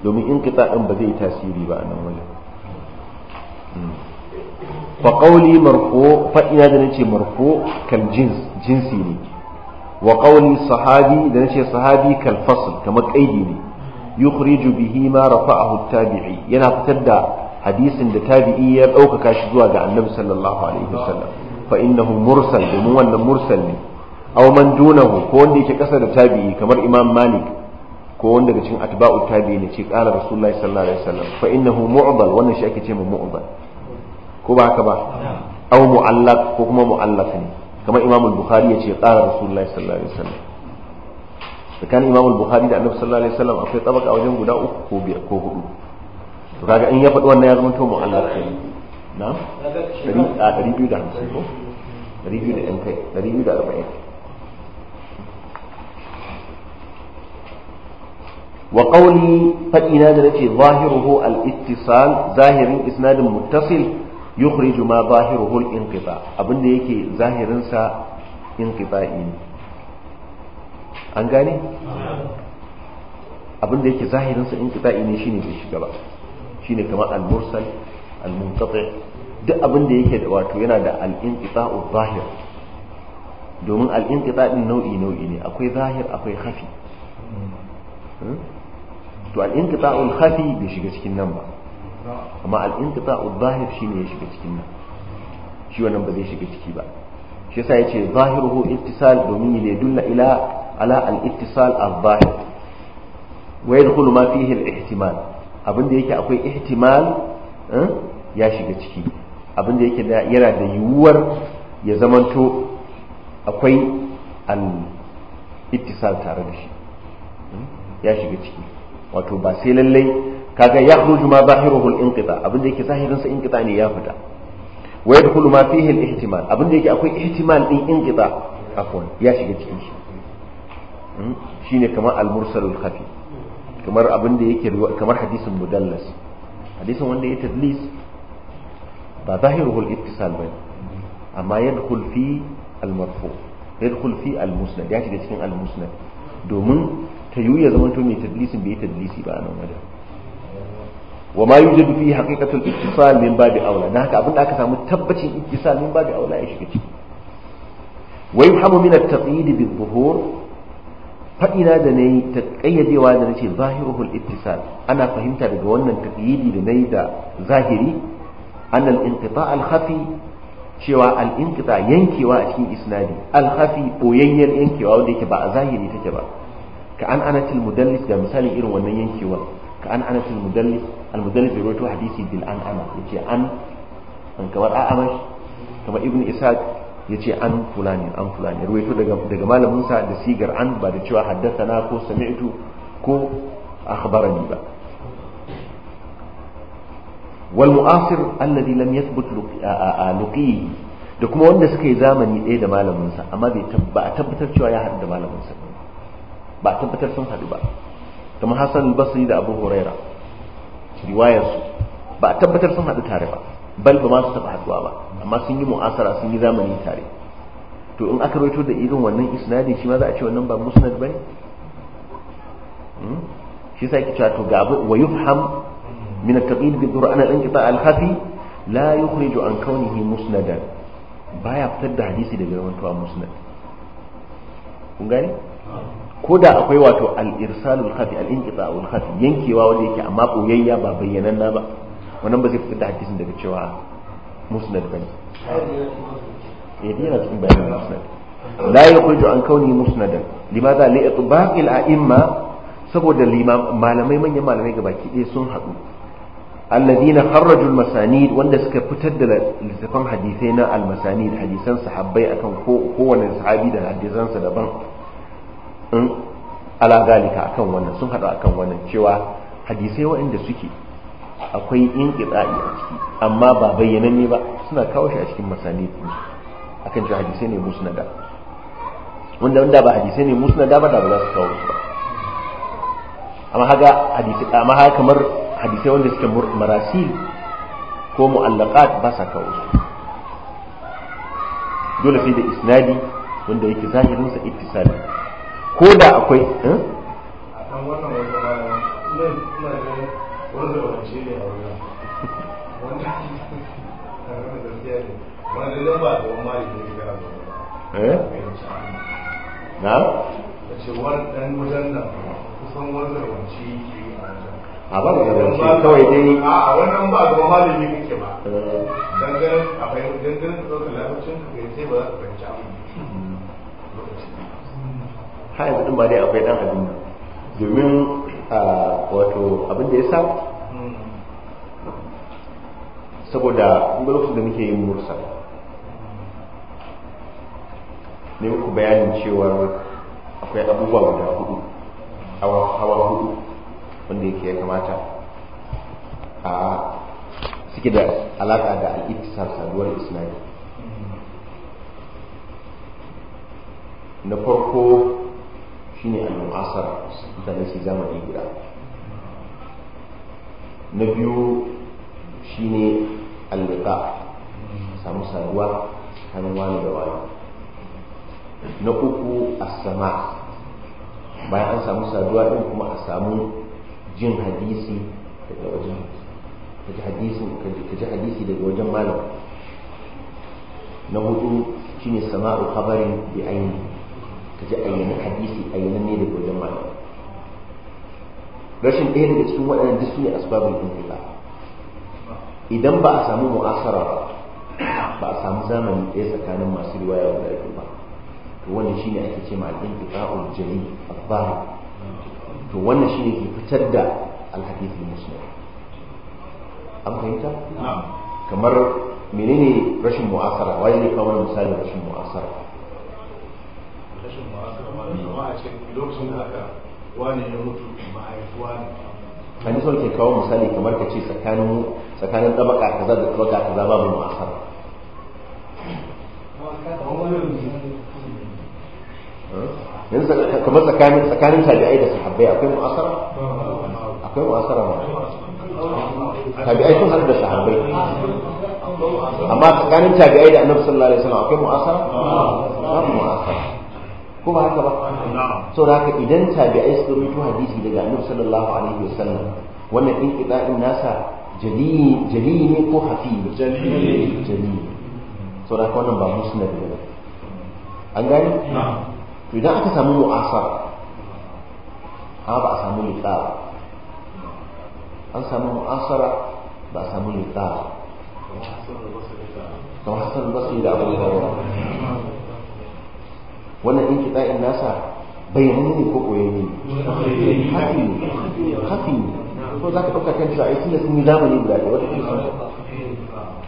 domin in qita'in ba zai tasiri ba a nan wajen hmm. fa qawli marfu fa ina da nace marfu kal jins jinsi ne wa qawli sahabi da nace sahabi kal fasl kamar kaidi ne yukhriju bihi ma rafa'ahu tabi'i yana fitar da hadisin da tabi'i ya ɗaukaka shi zuwa ga annabi sallallahu alaihi wasallam fa innahu mursal domin wannan mursal ne aw man dunahu ko wanda yake kasa da tabi'i kamar imam malik ko wanda daga cikin atba'u tabi'i ne ce qala rasulullahi sallallahu alaihi wasallam fa innahu mu'dal wannan shi ake ce mu mu'dal ko ba haka ba aw mu'allaq ko kuma ne kamar imam ya ce sallallahu alaihi tsakanin imamul bukhari da annabi sallallahu alaihi wasallam akwai tabaka wajen guda uku ko biyar ko hudu to kaga in ya faɗi wannan ya zama to mu'allaf kai na a ɗari biyu da hamsin ko ɗari biyu da ɗan kai ɗari biyu da arba'in wa qawli fadina da nace zahiruhu al-ittisal zahirin isnadin muttasil yukhriju ma zahiruhu al-inqita abinda yake zahirin sa inqita'i ne an gane abin da yake zahirinsa in kita'i ne shine zai shiga ba shine kamar al-mursal al muntaqi duk abin da yake da wato yana da al-inqita'u zahir domin al-inqita' din nau'i nau'i ne akwai zahir akwai khafi hmm? to al-inqita'u khafi bai shiga cikin nan ba amma al-inqita'u zahir shine ya shiga cikin nan shi wannan ba zai shiga ciki ba shi yasa yace zahiruhu ittisal domin ya dulla ila ala al-ittisal al-zahir wa yadkhulu ma fihi yake akwai ihtimal eh, ya shiga ciki abin da yake yana da yiwuwar ya zamanto akwai al-ittisal tare da shi eh, ya shiga ciki wato ba sai lallai kaga ya khruju ma zahiruhu al abin da yake zahirin sa inqita ne ya fita wa yadkhulu ma fihi al-ihtimal abinda yake akwai ihtimal din inqita afwan ya shiga cikin shi Hmm? shine kamar al-mursalul khafi kamar abin da yake kamar hadisin mudallas hadisin wanda ya tadlis ba zahiruhul ittisal ba amma yadkhul fi al-marfu yadkhul fi al-musnad ya shiga cikin al-musnad domin ta tayu ya zama to mai tadlisin bai tadlisi ba nan wajen wa ma yujadu fi haqiqatul ittisal min babi aula dan haka abinda aka samu tabbacin ittisal min babi aula ya shiga ciki wa yuhamu min at-taqyid bi-dhuhur faɗina da na yi ta ƙayyadewa da na ce zahiruhul ittisal ana fahimta daga wannan tafiyidi da na yi da zahiri an al'inƙita alhafi cewa al'inƙita yankewa a cikin isnadi alhafi ɓoyayyen yankewa wanda yake ba a zahiri take ba ka an anatil mudallis da misalin irin wannan yankewar ka an anatil mudallis almudallis bai rawaito hadisi bil an ana yace an kamar a'amash kamar ibn isaac ya ce an fulani an fulani ruwaito daga malaminsa da sigar an ba da cewa haddasa ko sami'tu ko akhbarani ba wal mu'asir alladhi lam yathbut luqihi da kuma wanda suka yi zamani ɗaya da malaminsa amma bai tabbatar cewa ya haɗu da malaminsa ba tabbatar sun haɗu ba kamar Hassan al-Basri da Abu Huraira riwayarsu ba tabbatar sun haɗu tare ba bal ba ma su taɓa haɗuwa ba amma sun yi mu'asara sun yi zamani tare to in aka rawaito da irin wannan isnadin shi ma za a ce wannan ba musnad bane hmm? shi sai kici to ga abu wa yufham min at-taqid bi qur'an al-inqita al-khafi la yukhriju an kaunihi musnadan baya fitar da hadisi daga yawantawa musnad kun gane ko da akwai wato al-irsalul khafi al-inqita'ul khafi yankewa wanda yake amma boyayya ba bayyananna ba wannan ba zai fitar da hadisin daga cewa musnad bane eh yana cikin bayanin musnad la yakhruju an kauni musnadan limadha li itbaq al a'imma saboda malamai manyan malamai gabaki ɗaya sun haɗu alladhina kharraju al-masanid wanda suka fitar da littafan hadisai na al-masanid hadisan sahabbai akan kowane sahabi da hadisansa daban hmm? ala galika akan wannan sun haɗu akan wannan cewa hadisai waɗanda suke akwai inqita'i a ciki amma ba bayyananne ba suna kawo shi a cikin a akan cewa hadisai ne musnada wanda wanda ba hadisai ne musnada ba da ba za su kawo su ba amma haka hadisi amma haka kamar hadisai wanda suke marasil ko mu'allaqat ba sa kawo su dole sai da isnadi wanda yake zahirin sa ittisali ko da akwai eh akan wannan wanda ba ne ina ga wanda shi ne a wuya wannan gaskiya ne eh? wanda zai ba da wani mali ne gara ba eh na da dan wajen nan kusan wanzar wance yake a ba da wance kawai dai a wannan ba da malami kake ba dangane a fahimta dangane da ɗaukar ka kai ba za ka fahimci abin hmm. har yanzu ba dai akwai dan abin domin ah, wato abin da ya sa saboda lokacin da muke yin mursa, ne muku bayanin cewar akwai abubuwa guda hudu hawa hudu wanda yake ya kamata a suke da alaƙa da al'ittisar saduwar islami na farko shine al'asar da nasi zamani guda na biyu shi ne liqa samu saduwa hannun wani da wani na uku a sama bayan an samu saduwa din kuma a samu jin hadisi daga wajen kaji hadisi kaji hadisi daga wajen malam na hudu shine sama'u khabarin bi aini kaji ayyanin hadisi ayyanan ne daga wajen malam rashin ɗaya daga cikin waɗannan duk su ne asbabul intila idan ba a samu mu'asara ba ba a samu zamani ɗaya tsakanin masu riwaya guda biyu ba to wannan shine ake ce ma al-inqita'ul jami al-zahir to wannan shine ke fitar da al-hadith muslim an fahimta kamar menene rashin mu'asara wai ne kawo misali rashin mu'asara rashin mu'asara ma da a ce lokacin da aka wani ya mutu mahaifuwa ne wani sau ke kawo misali kamar ka ce tsakanin tsakanin tabaka kaza da tabaka kaza ba mu ma'asar yanzu kamar tsakanin tsakanin tabi'ai da sahabbai akwai mu asara, akwai mu asara ma tabi'ai sun haɗu da sahabbai amma tsakanin tabi'ai da annabi sallallahu alaihi wasallam akwai mu asara ba asara. ko ba haka ba so da haka idan tabi'ai su rubuto hadisi daga annabi sallallahu alaihi wasallam wannan din qida'in nasa jali jali ne ko hafi jali jali so da haka wannan ba musnad ne an gani to idan aka samu mu'asar a ba a samu liqa an samu mu'asara ba a samu liqa kamar hasan basri da abubuwa wannan in da'in nasa mun ne ko koyan ne hafi ne hafi ne ko za ka ɗauka kan cewa ai tunda sun yi zamani guda da wata kusa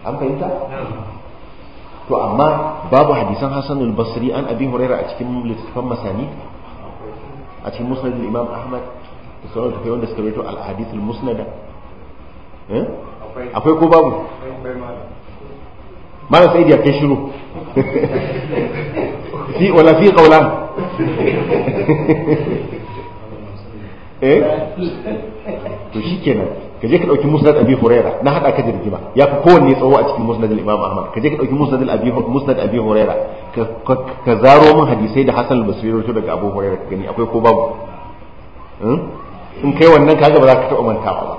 an fahimta to amma babu hadisan hasan al-basri an abi huraira a cikin littafan masani a cikin musnad imam ahmad da sauran tafai wanda suka rito al-hadith al-musnada eh? akwai ko babu malam sai da ke shiru fi wala fi qawlan eh to shikenan ka je ka dauki musnad abi huraira na hada ka jirgima ya fi kowanne tsawo a cikin musnad al-imam ahmad ka je ka dauki musnad abi musnad abi huraira ka zaro min hadisai da hasan al-basri rawaito daga abu huraira ka gani akwai ko babu in kai wannan kaga ba za ka taba mantawa ba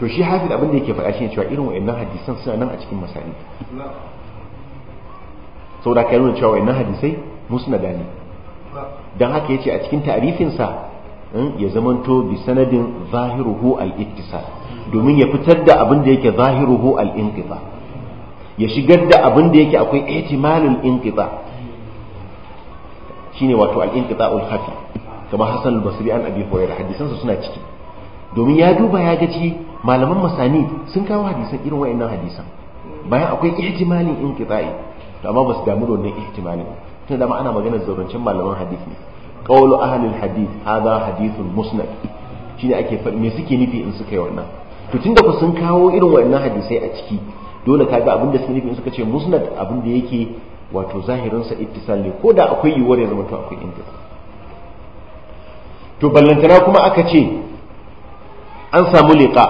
to shi hafiz abin da yake faɗa shi ne cewa irin wa'annan hadisan suna nan a cikin masani saboda ka nuna cewa wannan hadisai musnada ne dan haka yace a cikin ta'rifinsa sa hmm, ya zamanto bi sanadin zahiruhu al-ittisal domin ya fitar da abin da yake zahiruhu al-inqita ya shigar da abin da yake akwai ihtimalul inqita shine wato al-inqita al-khafi kamar Hassan al-Basri an Abi Hurairah hadisansa suna ciki domin ya duba ya ga ci malaman masani sun kawo hadisan irin wayannan hadisan bayan akwai ihtimalin inqita'i to amma ba su damu da wannan ihtimalin tun da ana maganar zaurancin malaman hadith ne qawlu ahli hadith hada hadithun musnad shine ake faɗi me suke nufi in suka yi wannan to tunda ku sun kawo irin waɗannan hadisai a ciki dole ka ga abin da suke nufi in suka ce musnad abin da yake wato zahirin sa ittisal ne ko da akwai yiwuwar ya zama to akwai intisal to ballantana kuma aka ce an samu liqa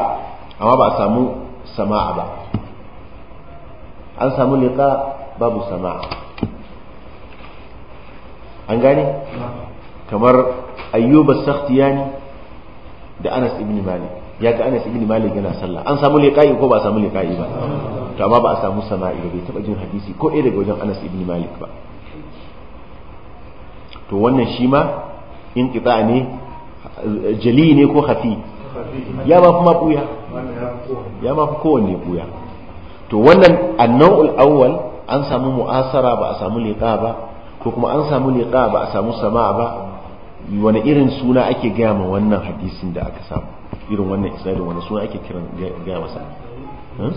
amma ba a samu sama'a ba an samu liqa babu sama'a an gane kamar ayyuba sakhtiyani da anas ibn malik ya ga anas ibn malik yana sallah an samu liqa'i ko ba samu liqa'i ba to amma ba a samu sama'i ba bai taba jin hadisi ko ɗaya daga wajen anas ibn malik ba to wannan shi ma in kita ne jali ne ko hafi ya ba kuma buya ya ba fi kowanne buya to wannan annau'ul awwal an samu mu'asara ba a samu liqa ba ko kuma an samu liqa ba a samu sama ba wani irin suna ake gaya ma wannan hadisin da aka samu irin wannan isnadin wani suna ake kiran gaya masa hmm?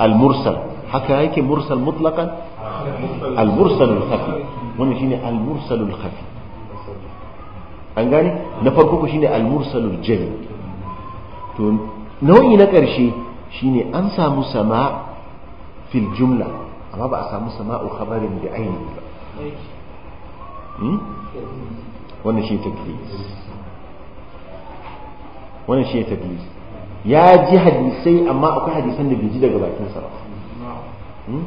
al-mursal haka yake mursal mutlaqan al-mursal al-khafi wannan shine al-mursal al-khafi an gane na farko ku shine al-mursal al-jali to nau'i na karshe shine an samu sama fil jumla amma ba a samu sama'u khabarin da ainihi ba hmm? wannan shi tadlis wannan shi tadlis ya ji hadisai amma akwai hadisan da bai ji daga bakinsa ba hmm?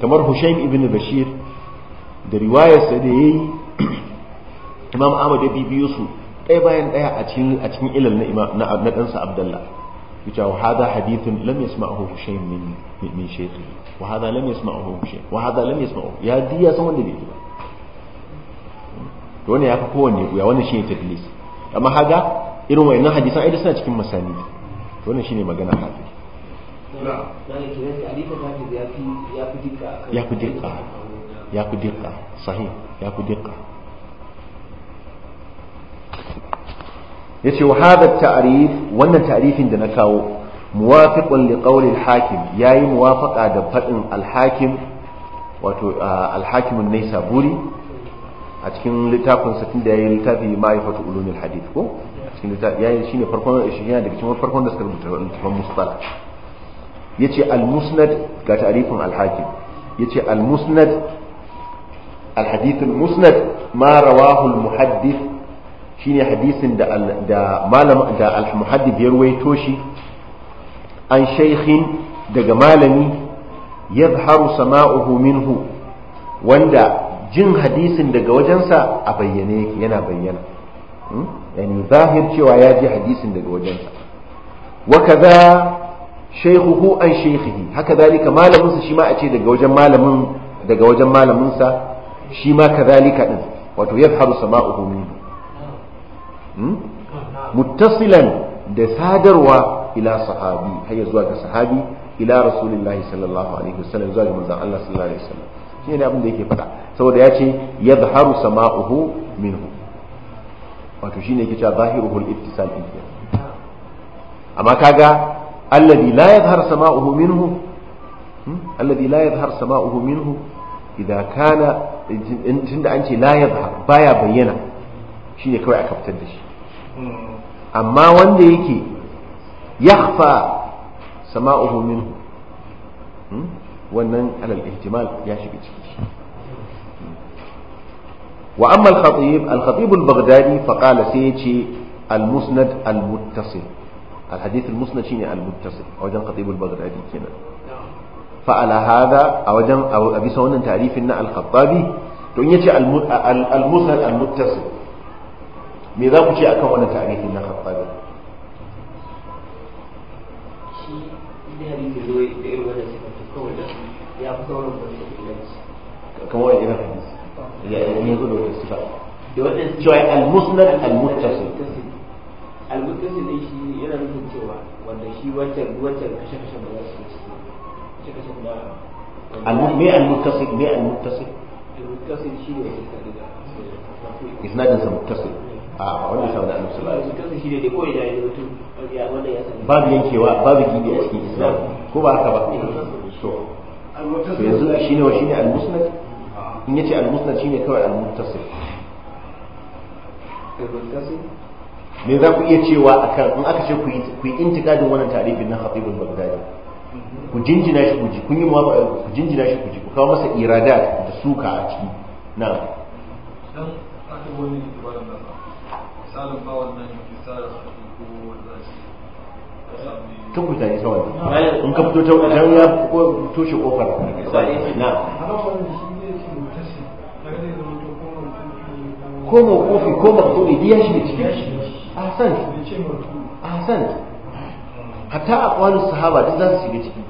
kamar Hushaim ibn Bashir da riwayarsa da yayi Imam Ahmad ya bibiyo su ɗaya bayan ɗaya a cikin a cikin ilal na imam na ɗansa Abdullah yace wa hada hadithun lam yasma'hu Hushaim min min shaykhihi wa hadha lam ya san wanda bai ji ba to ya fi kowanne ya wannan shine tadlis irin hadisan ai suna cikin masani to wannan shine magana hafi ya fi dikka ya fi dikka sahih ya ku dikka yace wa hadha tarif wannan ta'rifin da na kawo muwafiqun li qawli al-hakim yayi muwafaqa da faɗin al-hakim wato al-hakim an-naisaburi a cikin littafin sa tunda yayi littafi ma'rifatu ulumil hadith ko a cikin littafi yayi shine shi yana daga cikin farkon da suka rubuta littafin mustalah yace al-musnad ga ta'rifin al-hakim yace al-musnad musnad hadisin da da malam da shi an shaikhin daga malami yadharu sama'uhu minhu wanda jin hadisin daga wajensa a bayyane yana bayyana hmm? yani zahir cewa ya ji hadisin daga wajensa wa za shaykhuhu an shaykhihi haka zalika malaminsa shi ma a ce daga wajen malamin daga wajen malaminsa shi ma kazalika din wato yadharu sama'uhu minhu hmm? muttasilan da sadarwa ila sahabi har zuwa ga sahabi ila rasulillahi sallallahu alaihi wasallam zuwa ga manzon Allah sallallahu alaihi wasallam shi ne abin da yake faɗa saboda ya ce yadhharu sama'uhu minhu wato shine yake cewa zahiruhu al-ittisal din amma kaga alladhi la yadhharu sama'uhu minhu hmm? alladhi la yadhharu sama'uhu minhu idan kana tunda an ce la yadhhar baya bayyana shine kawai aka fitar da shi hmm. amma wanda yake يخفى سماؤه منه ونن على الاهتمال يجب وأما الخطيب الخطيب البغدادي فقال سيتي المسند المتصل الحديث المسند شيني المتصل أوجن خطيب البغدادي كنا فعلى هذا أوجن أو أبي سونا تعريف إن الخطابي تونيتي المسند المتصل ماذا بتي أكون تعريف إن الخطابي hadisi zo da irin wannan sifatu kawai da ya fi sauran kamar wani irin ya yi zo da wani sifa da cewa al al al shi yana nufin cewa wanda shi wancan wancan kashe kashe ba za su ciki kashe kashe al-me al-muttasil me al me al muttasil al shi ne da isnadin sa a ba wannan shawara annabi sallallahu alaihi wasallam shine dai koyi da mutum ya ya wanda babu yankewa babu gibi a cikin islam ko ba haka ba eh, eh, eh. to to yanzu shine wa shine al-musnad in yace al-musnad shine kawai al-muttasil me za ku iya cewa akan in aka ce ku yi intikadin wannan tarihin na khatibul bagdadi mhm. ku jinjina shi ku ji kun yi ku jinjina shi ku ji ku kawo masa irada da suka a ciki na misalin bawan nan misalin ko wanda ta kuta ne sawa in ka fito ta ya ko toshe kofar na ko mu ko maktuli biya shi da cikin shi A ahsan hatta aqwalus sahaba duk za su shiga ciki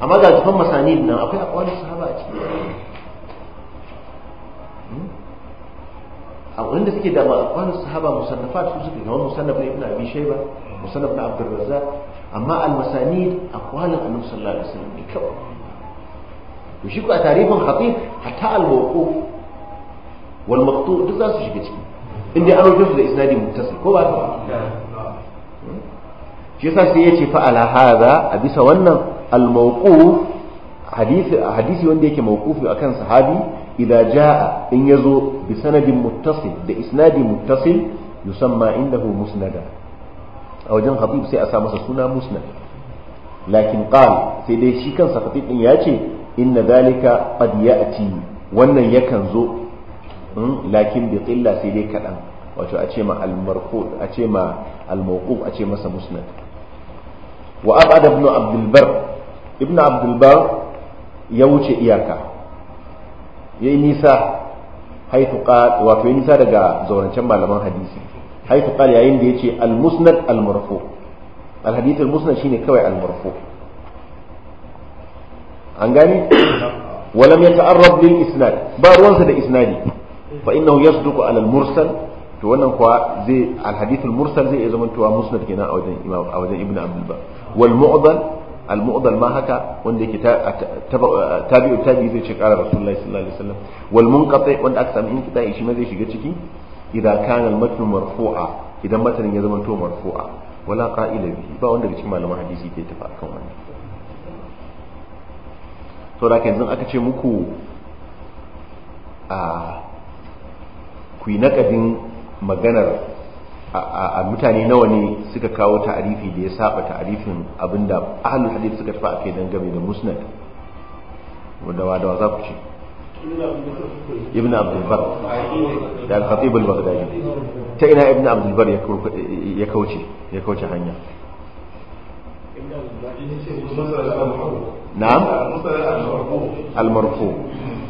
amma ga tufan masani nan akwai aqwalus sahaba a ciki A wanda suke da ma'afan sahaba musannafat su suke kamar musannaf na ibn abi shayba musannaf na abdul razzaq amma al-masanid aqwalin annabi sallallahu alaihi wasallam ne kawai to shi ko a tarihin hatif hatta al-mawquf wal maqtu duk za su shiga ciki inda an rubuta su da isnadi muttasil ko ba ka shi yasa sai yace fa ala hadha a bisa wannan al-mawquf hadisi hadisi wanda yake mawqufi akan sahabi idza jaa in yazo bi sanadin muttasil da isnadi muttasil yusamma indahu musnada a wajen habib sai a sa masa suna musnad lakin qal sai dai shi kansa khatib din yace inna dalika qad ya'ti wannan yakan zo lakin bi qilla sai dai kadan wato a ma al marfu a ce ma al wa abad ibn abd al ibn abd ya wuce iyaka yayi nisa haitu qal wato yayi nisa daga zaurancen malaman hadisi haitu qal yayin da ce al musnad al marfu al hadith al musnad shine kawai al an gani walam yata'arrab lil isnad ba ruwansa da isnadi fa innahu yasduqu ala al mursal to wannan kuwa zai al hadith al mursal zai zama tuwa musnad kenan a wajen a wajen wal mu'dal al-mu'dal ma haka wanda yake tabi'u tabi'i zai ce qala rasulullahi sallallahu alaihi wasallam wal munqati wanda aka samu inqita'i shi ma zai shiga ciki idza kana al-matn idan matanin ya zama to marfu'a wala qa'ila bihi ba wanda daga cikin malaman hadisi ke tafi akan wannan to da yanzu aka ce muku a ku yi maganar a mutane nawa ne suka kawo ta'arifi da ya saba ta'arifin abinda ahlul hadith suka tafi don dangane da musnad wadda wa da za ku ce ibn abdulbar da al baghdadi ta ina ibn abdul ya kauce ya kauce hanya na'am al-marfu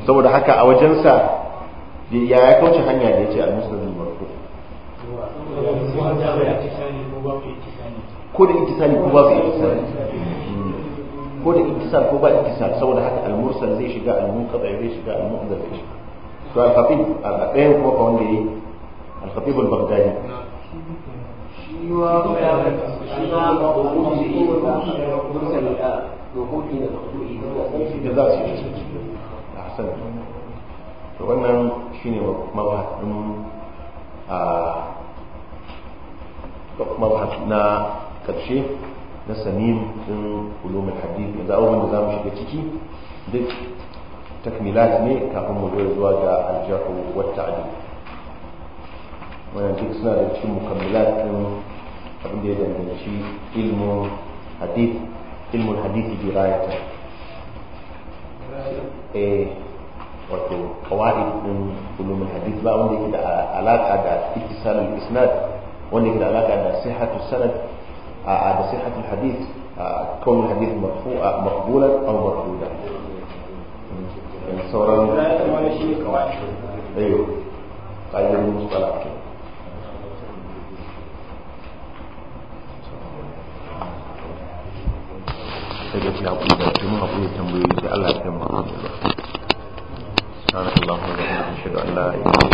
saboda haka a wajensa ya ya kauce hanya da yace al-musnad al-marfu ko da ittisali ko babu ittisali ko da ittisal ko ba ittisal saboda haka al-mursal zai shiga al-munqata zai shiga al-mu'dal zai shiga to al-khatib al-ɗayan kuma ka wanda yayi al-khatib al-baghdadi shi wa shi ma ba ko shi mursal dokoki da dokoki da za su yi ahsan to wannan shine mazhabin a da kuma bahas na karshe na sanin din ulumul hadith yanzu abubuwan da za mu shiga ciki duk takmilat ne kafin mu zo zuwa ga aljahu wa ta'dil wannan duk suna da cikin mukammilat din abin da ya danganci ilmu hadith ilmu hadith bi rayata eh wato qawaid din ulumul hadith ba wanda yake da alaka da ittisalul isnad وإن كده لك عند صحة السند آه، على صحة الحديث آه، كون الحديث آه، مقبولا أو مرفوضا يعني صورا أيوه قاعدة المصطلح كده سيدي يا ابو ذر ان لا اله الا الله